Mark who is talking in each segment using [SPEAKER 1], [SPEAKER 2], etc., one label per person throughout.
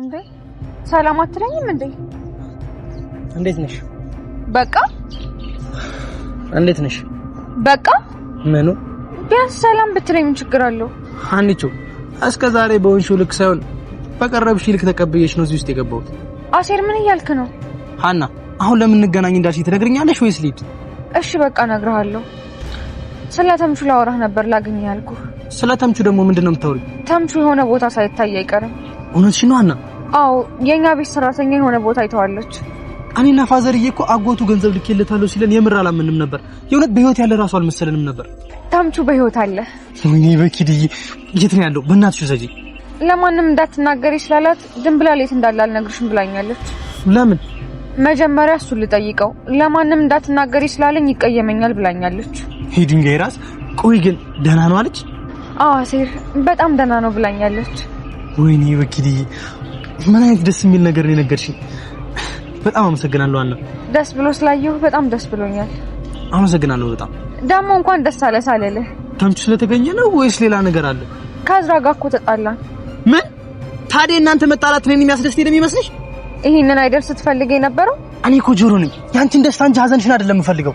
[SPEAKER 1] እንዴ ሰላም አትለኝም እንዴ? እንዴት ነሽ? በቃ እንዴት ነሽ? በቃ ምኑ ቢያንስ ሰላም ብትለኝ ምን ችግር አለው?
[SPEAKER 2] አንቺ እስከ ዛሬ በሆንሽው ልክ ሳይሆን በቀረብሽ ልክ ተቀብዬሽ ነው እዚህ ውስጥ የገባሁት።
[SPEAKER 1] አሴር ምን እያልክ ነው?
[SPEAKER 2] ሀና አሁን ለምን እንገናኝ እንዳልሽ ትነግረኛለሽ ወይስ ሊድ?
[SPEAKER 1] እሺ በቃ እነግርሃለሁ። ስለ ተምቹ ላወራህ ነበር ላግኝ ያልኩ።
[SPEAKER 2] ስለ ተምቹ ደግሞ ምንድን ነው የምታወሪው?
[SPEAKER 1] ተምቹ የሆነ ቦታ ሳይታይ አይቀርም። እውነትሽ ነው ሀና አዎ የኛ ቤት ሰራተኛ የሆነ ቦታ አይተዋለች።
[SPEAKER 2] እኔና ፋዘርዬ እኮ አጎቱ ገንዘብ ልኬለታለሁ ሲለን የምር አላምንም ነበር። የእውነት በህይወት ያለ ራሱ አልመሰለንም ነበር።
[SPEAKER 1] ታምቹ በህይወት አለ።
[SPEAKER 2] ወይኔ በኪድዬ የት ነው ያለው? በእናትሽ ዘጂ
[SPEAKER 1] ለማንም እንዳትናገሪ ስላላት ድንብላል የት እንዳለ አልነግርሽም ብላኛለች። ለምን? መጀመሪያ እሱን ልጠይቀው። ለማንም እንዳትናገር ስላለኝ ይቀየመኛል ብላኛለች።
[SPEAKER 2] ሂድንጋይ ራስ ቆይ ግን ደህና ነው አለች?
[SPEAKER 1] አዎ ሴር በጣም ደህና ነው ብላኛለች።
[SPEAKER 2] ወይኔ በኪድዬ ምን አይነት ደስ የሚል ነገር ነው የነገርሽኝ። በጣም አመሰግናለሁ አና።
[SPEAKER 1] ደስ ብሎ ስላየሁ በጣም ደስ ብሎኛል።
[SPEAKER 2] አመሰግናለሁ በጣም
[SPEAKER 1] ደግሞ እንኳን ደስ አለ ሳለለ
[SPEAKER 2] ተምቹ ስለተገኘ ነው ወይስ ሌላ ነገር አለ?
[SPEAKER 1] ከዝራ ጋር እኮ ተጣላን።
[SPEAKER 2] ምን ታዲያ እናንተ መጣላት ነው የሚያስደስተኝ የሚመስልሽ?
[SPEAKER 1] ይሄንን አይደል ስትፈልገ የነበረው?
[SPEAKER 2] እኔ እኮ ጆሮ ነኝ ያንቺን ደስታ እንጂ ሀዘንሽን አይደለም የምፈልገው።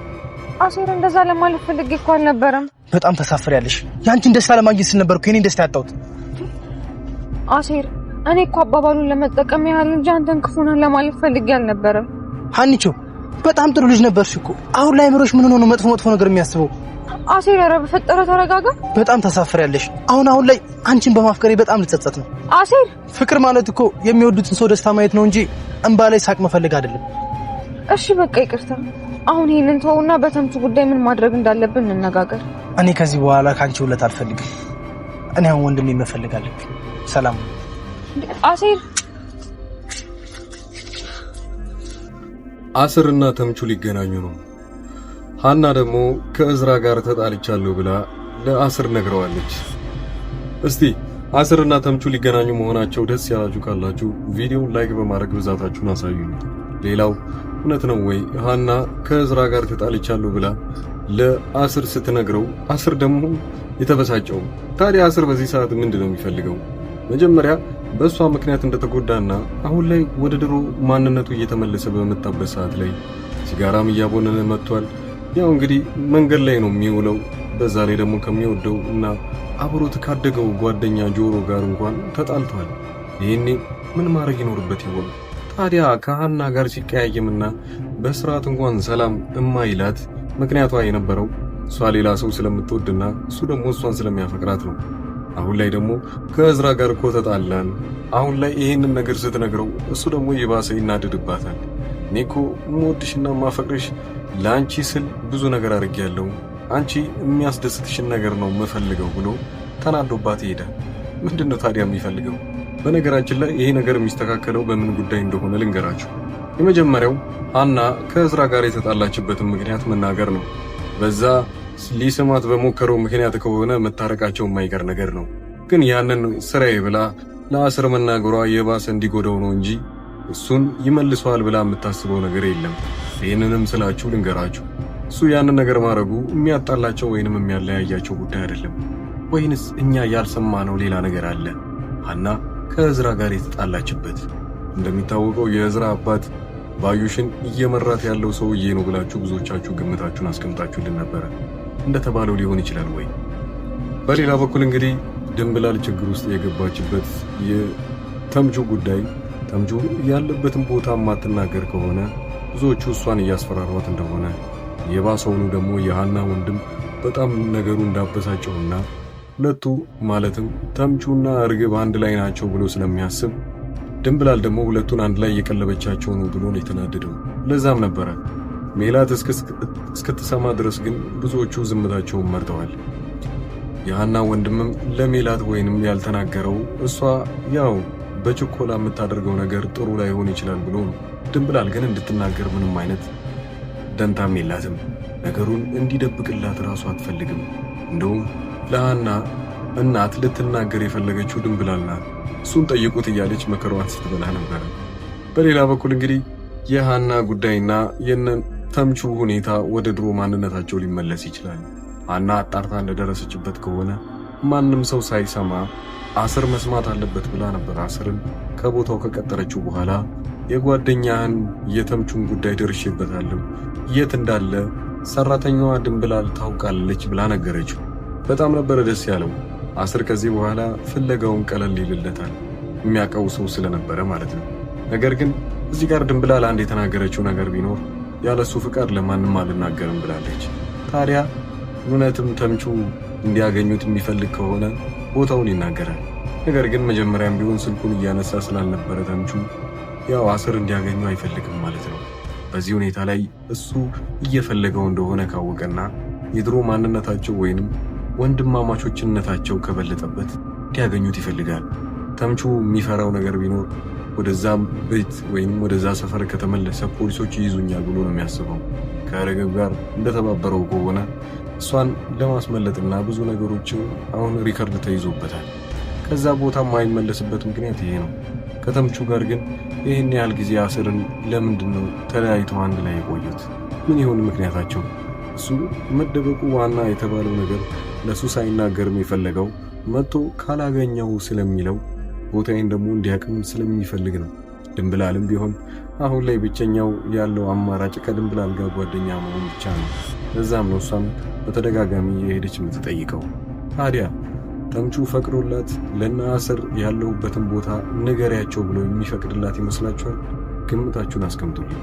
[SPEAKER 1] አሴር እንደዛ ለማለት ፈልጌ እኮ አልነበረም።
[SPEAKER 2] በጣም ተሳፍሬያለሽ። ያንቺን ደስታ ለማግኘት ስል ነበር እኮ የእኔን ደስታ ያጣሁት
[SPEAKER 1] አሴር እኔ እኮ አባባሉን ለመጠቀም ያህል እንጂ አንተን ክፉ ነህ ለማለት ፈልጌ አልነበረም።
[SPEAKER 2] ሀኒቾ በጣም ጥሩ ልጅ ነበርሽ እኮ። አሁን ላይ ምሮሽ ምን ሆኖ ነው መጥፎ መጥፎ ነገር የሚያስበው?
[SPEAKER 1] አሴር ኧረ በፈጠረ ተረጋጋ።
[SPEAKER 2] በጣም ታሳፍሪያለሽ። አሁን አሁን ላይ አንቺን በማፍቀሬ በጣም ልጸጸት ነው። አሴር ፍቅር ማለት እኮ የሚወዱትን ሰው ደስታ ማየት ነው እንጂ እንባ ላይ ሳቅ መፈለግ አይደለም።
[SPEAKER 1] እሺ በቃ ይቅርታ። አሁን ይሄንን ተውና በተምቹ ጉዳይ ምን ማድረግ እንዳለብን እንነጋገር።
[SPEAKER 2] እኔ ከዚህ በኋላ ከአንቺ ውለት አልፈልግም። እኔ አሁን ወንድሜ መፈለግ ሰላም አሴር አስር ተምቹ ሊገናኙ ነው። ሀና ደግሞ ከእዝራ ጋር ተጣልቻለሁ ብላ ለአስር ነግረዋለች። እስቲ አስር እና ተምቹ ሊገናኙ መሆናቸው ደስ ያላችሁ ካላችሁ ቪዲዮውን ላይክ በማድረግ ብዛታችሁን አሳዩኝ። ሌላው እውነት ነው ወይ ሀና ከእዝራ ጋር ተጣልቻለሁ ብላ ለአስር ስትነግረው አስር ደግሞ የተበሳጨው? ታዲያ አስር በዚህ ሰዓት ምንድን ነው የሚፈልገው? መጀመሪያ በእሷ ምክንያት እንደተጎዳና አሁን ላይ ወደ ድሮ ማንነቱ እየተመለሰ በመጣበት ሰዓት ላይ ሲጋራም እያቦነነ መጥቷል። ያው እንግዲህ መንገድ ላይ ነው የሚውለው። በዛ ላይ ደግሞ ከሚወደው እና አብሮት ካደገው ጓደኛ ጆሮ ጋር እንኳን ተጣልቷል። ይህኔ ምን ማድረግ ይኖርበት ይሆን ታዲያ? ከሀና ጋር ሲቀያየምና በስርዓት እንኳን ሰላም እማይላት ምክንያቷ የነበረው እሷ ሌላ ሰው ስለምትወድና እሱ ደግሞ እሷን ስለሚያፈቅራት ነው። አሁን ላይ ደግሞ ከእዝራ ጋር እኮ ተጣላን። አሁን ላይ ይህንን ነገር ስትነግረው እሱ ደግሞ የባሰ ይናድድባታል። እኔ እኮ የምወድሽና ማፈቅርሽ ለአንቺ ስል ብዙ ነገር አድርጌያለሁ፣ አንቺ የሚያስደስትሽን ነገር ነው የምፈልገው ብሎ ተናዶባት ይሄዳል። ምንድን ነው ታዲያ የሚፈልገው? በነገራችን ላይ ይሄ ነገር የሚስተካከለው በምን ጉዳይ እንደሆነ ልንገራችሁ። የመጀመሪያው ሀና ከእዝራ ጋር የተጣላችበትን ምክንያት መናገር ነው። በዛ ሊስማት በሞከረው ምክንያት ከሆነ መታረቃቸው የማይቀር ነገር ነው። ግን ያንን ስራዬ ብላ ለአስር መናገሯ የባሰ እንዲጎዳው ነው እንጂ እሱን ይመልሰዋል ብላ የምታስበው ነገር የለም። ይህንንም ስላችሁ ልንገራችሁ፣ እሱ ያንን ነገር ማድረጉ የሚያጣላቸው ወይንም የሚያለያያቸው ጉዳይ አይደለም። ወይንስ እኛ ያልሰማነው ሌላ ነገር አለ? ሀና ከእዝራ ጋር የተጣላችበት እንደሚታወቀው የእዝራ አባት ባዩሽን እየመራት ያለው ሰውዬ ነው ብላችሁ ብዙዎቻችሁ ግምታችሁን አስቀምጣችሁልን ነበረ። እንደተባለው ሊሆን ይችላል ወይ? በሌላ በኩል እንግዲህ ድንብላል ችግር ውስጥ የገባችበት የተምቹ ጉዳይ ተምቹ ያለበትን ቦታ ማትናገር ከሆነ ብዙዎቹ እሷን እያስፈራሯት እንደሆነ የባሰውኑ ደግሞ የሃና ወንድም በጣም ነገሩ እንዳበሳጨውና ሁለቱ ማለትም ተምቹና እርግብ አንድ ላይ ናቸው ብሎ ስለሚያስብ ድንብላል ደግሞ ሁለቱን አንድ ላይ እየቀለበቻቸው ነው ብሎ ነው የተናደደው። ለዛም ነበረ ሜላት እስክትሰማ ድረስ ግን ብዙዎቹ ዝምታቸውን መርጠዋል። የሀና ወንድምም ለሜላት ወይንም ያልተናገረው እሷ ያው በችኮላ የምታደርገው ነገር ጥሩ ላይሆን ይችላል ብሎ ድንብላል ግን እንድትናገር ምንም አይነት ደንታም የላትም። ነገሩን እንዲደብቅላት ራሱ አትፈልግም። እንደውም ለሃና እናት ልትናገር የፈለገችው ድንብላል ናት። እሱን ጠይቁት እያለች መከሯን ስትበላ ነበር። በሌላ በኩል እንግዲህ የሃና ጉዳይና ተምቹ ሁኔታ ወደ ድሮ ማንነታቸው ሊመለስ ይችላል። አና አጣርታ እንደደረሰችበት ከሆነ ማንም ሰው ሳይሰማ አስር መስማት አለበት ብላ ነበር። አስርን ከቦታው ከቀጠረችው በኋላ የጓደኛህን የተምቹን ጉዳይ ደርሼበታለሁ፣ የት እንዳለ ሰራተኛዋ ድንብላል ታውቃለች ብላ ነገረችው። በጣም ነበረ ደስ ያለው። አስር ከዚህ በኋላ ፍለጋውን ቀለል ይልለታል፣ የሚያውቀው ሰው ስለነበረ ማለት ነው። ነገር ግን እዚህ ጋር ድንብላል አንድ የተናገረችው ነገር ቢኖር ያለ እሱ ፍቃድ ለማንም አልናገርም ብላለች። ታዲያ እውነትም ተምቹ እንዲያገኙት የሚፈልግ ከሆነ ቦታውን ይናገራል። ነገር ግን መጀመሪያም ቢሆን ስልኩን እያነሳ ስላልነበረ ተምቹ ያው አስር እንዲያገኙ አይፈልግም ማለት ነው። በዚህ ሁኔታ ላይ እሱ እየፈለገው እንደሆነ ካወቀና የድሮ ማንነታቸው ወይንም ወንድማማቾችነታቸው ከበለጠበት እንዲያገኙት ይፈልጋል። ተምቹ የሚፈራው ነገር ቢኖር ወደዛ ቤት ወይም ወደዛ ሰፈር ከተመለሰ ፖሊሶች ይይዙኛል ብሎ ነው የሚያስበው። ከአረገብ ጋር እንደተባበረው ከሆነ እሷን ለማስመለጥና ብዙ ነገሮችን አሁን ሪከርድ ተይዞበታል። ከዛ ቦታ የማይመለስበት ምክንያት ይሄ ነው። ከተምቹ ጋር ግን ይህን ያህል ጊዜ አስርን ለምንድን ነው ተለያይተው አንድ ላይ የቆዩት? ምን ይሆን ምክንያታቸው? እሱ መደበቁ ዋና የተባለው ነገር ለሱ ሳይናገርም የፈለገው መጥቶ ካላገኘው ስለሚለው ቦታዬን ደግሞ እንዲያቅም ስለሚፈልግ ነው። ድንብላልም ቢሆን አሁን ላይ ብቸኛው ያለው አማራጭ ከድንብላል ጋር ጓደኛ መሆን ብቻ ነው። ለዛም ነው እሷም በተደጋጋሚ የሄደች የምትጠይቀው። ታዲያ ተምቹ ፈቅዶላት ለናስር ያለሁበትን ቦታ ንገሪያቸው ብሎ የሚፈቅድላት ይመስላችኋል? ግምታችሁን አስቀምጡልኝ።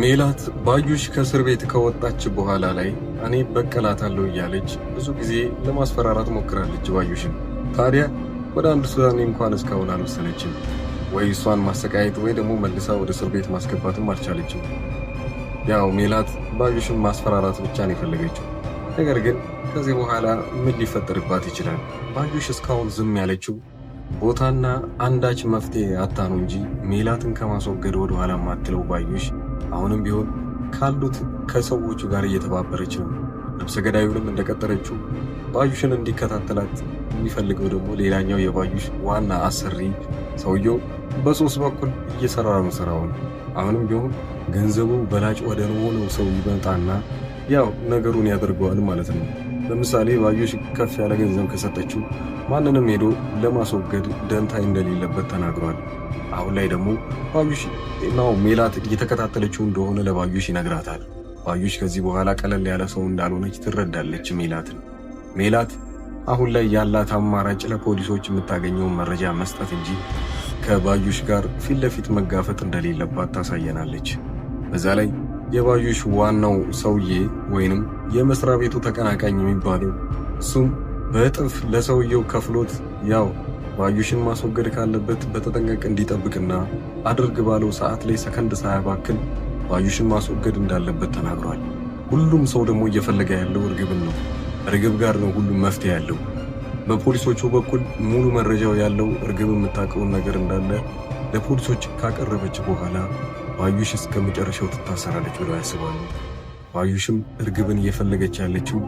[SPEAKER 2] ሜላት ባዩሽ ከእስር ቤት ከወጣች በኋላ ላይ እኔ በቀላታለሁ እያለች ብዙ ጊዜ ለማስፈራራት ሞክራለች ባዩሽን ታዲያ ወደ አንድ ሱዳኔ እንኳን እስካሁን አልወሰነችም። ወይ እሷን ማሰቃየት ወይ ደግሞ መልሳ ወደ እስር ቤት ማስገባትም አልቻለችም። ያው ሜላት ባዩሽን ማስፈራራት ብቻ ነው የፈለገችው። ነገር ግን ከዚህ በኋላ ምን ሊፈጠርባት ይችላል? ባዩሽ እስካሁን ዝም ያለችው ቦታና አንዳች መፍትሄ አታ ነው እንጂ ሜላትን ከማስወገድ ወደኋላ ማትለው ባዩሽ አሁንም ቢሆን ካሉት ከሰዎቹ ጋር እየተባበረች ነው። ነፍሰ ገዳዩንም እንደቀጠረችው ባዩሽን እንዲከታተላት የሚፈልገው ደግሞ ሌላኛው የባዩሽ ዋና አሰሪ ሰውየው በሶስት በኩል እየሰራ ነው ስራውን። አሁንም ቢሆን ገንዘቡ በላጭ ወደ ሆነው ሰው ይመጣና ያው ነገሩን ያደርገዋል ማለት ነው። ለምሳሌ ባዩሽ ከፍ ያለ ገንዘብ ከሰጠችው ማንንም ሄዶ ለማስወገድ ደንታ እንደሌለበት ተናግሯል። አሁን ላይ ደግሞ ባዩሽ ናው ሜላት እየተከታተለችው እንደሆነ ለባዩሽ ይነግራታል። ባዩሽ ከዚህ በኋላ ቀለል ያለ ሰው እንዳልሆነች ትረዳለች ሜላትን። ሜላት አሁን ላይ ያላት አማራጭ ለፖሊሶች የምታገኘውን መረጃ መስጠት እንጂ ከባዩሽ ጋር ፊት ለፊት መጋፈጥ እንደሌለባት ታሳየናለች። በዛ ላይ የባዩሽ ዋናው ሰውዬ ወይንም የመስሪያ ቤቱ ተቀናቃኝ የሚባለው እሱም በእጥፍ ለሰውየው ከፍሎት ያው ባዩሽን ማስወገድ ካለበት በተጠንቀቅ እንዲጠብቅና አድርግ ባለው ሰዓት ላይ ሰከንድ ሳያባክን ባዩሽን ማስወገድ እንዳለበት ተናግሯል። ሁሉም ሰው ደግሞ እየፈለገ ያለው እርግብን ነው። እርግብ ጋር ነው ሁሉም መፍትሄ ያለው። በፖሊሶቹ በኩል ሙሉ መረጃው ያለው እርግብ የምታውቀውን ነገር እንዳለ ለፖሊሶች ካቀረበች በኋላ ባዩሽ እስከ መጨረሻው ትታሰራለች ብለው ያስባሉ። ባዩሽም እርግብን እየፈለገች ያለችው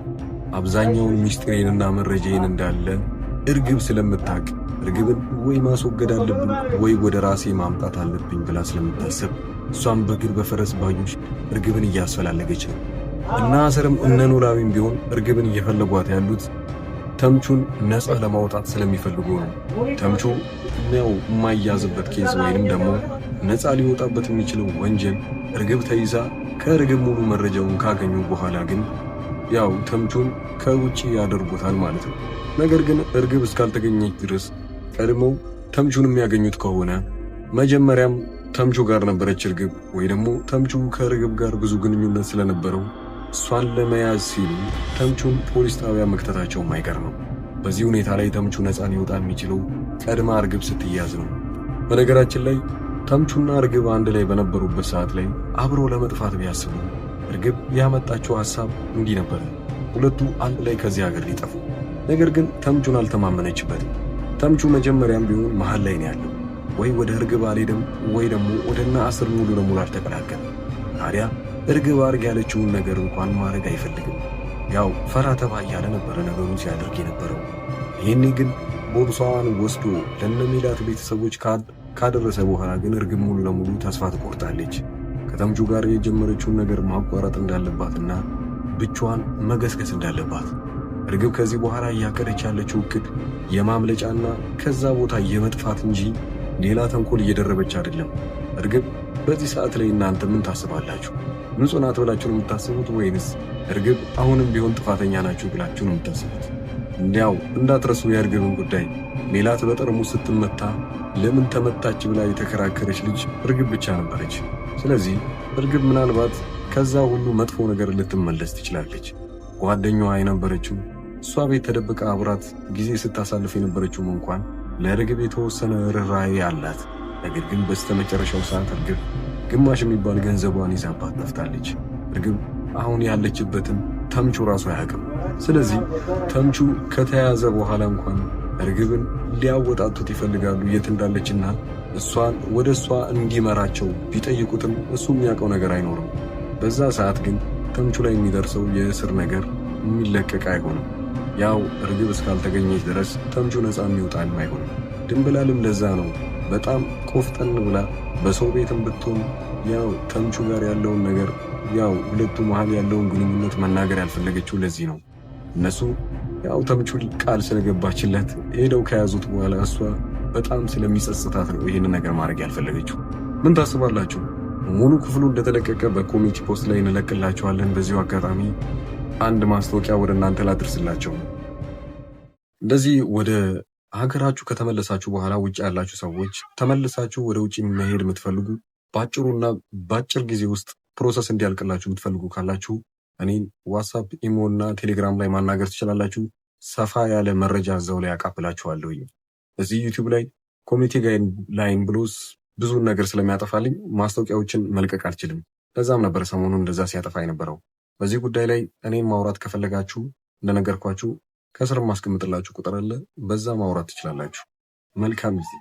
[SPEAKER 2] አብዛኛውን ሚስጢሬንና መረጃዬን እንዳለ እርግብ ስለምታውቅ እርግብን ወይ ማስወገድ አለብኝ ወይ ወደ ራሴ ማምጣት አለብኝ ብላ ስለምታስብ እሷም በግር በፈረስ ባዩሽ እርግብን እያስፈላለገች ነው። እና አሰርም እነ ኖላዊም ቢሆን እርግብን እየፈለጓት ያሉት ተምቹን ነጻ ለማውጣት ስለሚፈልጉ ነው። ተምቹ ነው የማያዝበት ኬዝ ወይንም ደግሞ ነፃ ሊወጣበት የሚችለው ወንጀል እርግብ ተይዛ ከእርግብ ሙሉ መረጃውን ካገኙ በኋላ ግን ያው ተምቹን ከውጭ ያደርጉታል ማለት ነው። ነገር ግን እርግብ እስካልተገኘች ድረስ ቀድመው ተምቹን የሚያገኙት ከሆነ መጀመሪያም ተምቹ ጋር ነበረች እርግብ፣ ወይ ደግሞ ተምቹ ከርግብ ጋር ብዙ ግንኙነት ስለነበረው እሷን ለመያዝ ሲሉ ተምቹን ፖሊስ ጣቢያ መክተታቸው ማይቀር ነው። በዚህ ሁኔታ ላይ ተምቹ ነፃ ሊወጣ የሚችለው ቀድማ እርግብ ስትያዝ ነው። በነገራችን ላይ ተምቹና እርግብ አንድ ላይ በነበሩበት ሰዓት ላይ አብሮ ለመጥፋት ቢያስቡ እርግብ ያመጣቸው ሐሳብ እንዲህ ነበር፣ ሁለቱ አንድ ላይ ከዚህ ሀገር ሊጠፉ። ነገር ግን ተምቹን አልተማመነችበትም። ተምቹ መጀመሪያም ቢሆን መሃል ላይ ነው ያለው። ወይ ወደ እርግብ አልሄድም ወይ ደግሞ ወደ እነ አስር ሙሉ ለሙሉ አልተቀላቀልም። ታዲያ እርግብ አርግ ያለችውን ነገር እንኳን ማድረግ አይፈልግም። ያው ፈራ ተባ እያለ ነበረ ነገሩን ሲያደርግ የነበረው። ይህኔ ግን ቦርሳዋን ወስዶ ለነ ሜላት ቤተሰቦች ካደረሰ በኋላ ግን እርግብ ሙሉ ለሙሉ ተስፋ ትቆርጣለች። ከተምቹ ጋር የጀመረችውን ነገር ማቋረጥ እንዳለባትና ብቻዋን መገስገስ እንዳለባት እርግብ ከዚህ በኋላ እያቀደች ያለችው እቅድ የማምለጫና ከዛ ቦታ የመጥፋት እንጂ ሌላ ተንኮል እየደረበች አይደለም። እርግብ በዚህ ሰዓት ላይ እናንተ ምን ታስባላችሁ? ንጹህ ናት ብላችሁ ነው የምታስቡት ወይንስ እርግብ አሁንም ቢሆን ጥፋተኛ ናችሁ ብላችሁ ነው የምታስቡት? እንዲያው እንዳትረሱ የእርግብን ጉዳይ። ሜላት በጠርሙስ ስትመታ ለምን ተመታች ብላ የተከራከረች ልጅ እርግብ ብቻ ነበረች። ስለዚህ እርግብ ምናልባት ከዛ ሁሉ መጥፎ ነገር ልትመለስ ትችላለች። ጓደኛዋ የነበረችው እሷ ቤት ተደብቃ አብራት ጊዜ ስታሳልፍ የነበረችውም እንኳን ለርግብ የተወሰነ ርኅራኄ አላት። ነገር ግን በስተመጨረሻው ሰዓት ርግብ ግማሽ የሚባል ገንዘቧን ይዛባት ጠፍታለች። ርግብ አሁን ያለችበትን ተምቹ ራሱ አያውቅም። ስለዚህ ተምቹ ከተያዘ በኋላ እንኳን እርግብን ሊያወጣቱት ይፈልጋሉ የት እንዳለችና እሷን ወደ እሷ እንዲመራቸው ቢጠይቁትም እሱ የሚያውቀው ነገር አይኖርም። በዛ ሰዓት ግን ተምቹ ላይ የሚደርሰው የእስር ነገር የሚለቀቅ አይሆንም። ያው እርግብ እስካልተገኘች ድረስ ተምቹ ነፃ የሚወጣ አይሆንም። ድንብላልም ለዛ ነው በጣም ቆፍጠን ብላ በሰው ቤትም ብትሆን ያው ተምቹ ጋር ያለውን ነገር ያው ሁለቱ መሀል ያለውን ግንኙነት መናገር ያልፈለገችው ለዚህ ነው። እነሱ ያው ተምቹ ቃል ስለገባችለት ሄደው ከያዙት በኋላ እሷ በጣም ስለሚጸጽታት ነው ይህንን ነገር ማድረግ ያልፈለገችው። ምን ታስባላችሁ? ሙሉ ክፍሉ እንደተለቀቀ በኮሚቲ ፖስት ላይ እንለቅላችኋለን። በዚሁ አጋጣሚ አንድ ማስታወቂያ ወደ እናንተ ላድርስላቸው። እንደዚህ ወደ ሀገራችሁ ከተመለሳችሁ በኋላ ውጭ ያላችሁ ሰዎች ተመልሳችሁ ወደ ውጭ መሄድ የምትፈልጉ በአጭሩና በአጭር ጊዜ ውስጥ ፕሮሰስ እንዲያልቅላችሁ የምትፈልጉ ካላችሁ እኔን ዋትሳፕ፣ ኢሞ እና ቴሌግራም ላይ ማናገር ትችላላችሁ። ሰፋ ያለ መረጃ እዛው ላይ ያቃብላችኋለሁኝ። እዚህ ዩቲዩብ ላይ ኮሚኒቲ ጋይድላይን ብሎስ ብዙን ነገር ስለሚያጠፋልኝ ማስታወቂያዎችን መልቀቅ አልችልም። ለዛም ነበር ሰሞኑን እንደዛ ሲያጠፋ የነበረው። በዚህ ጉዳይ ላይ እኔን ማውራት ከፈለጋችሁ እንደነገርኳችሁ ከስር ማስቀምጥላችሁ ቁጥር አለ። በዛ ማውራት ትችላላችሁ። መልካም ጊዜ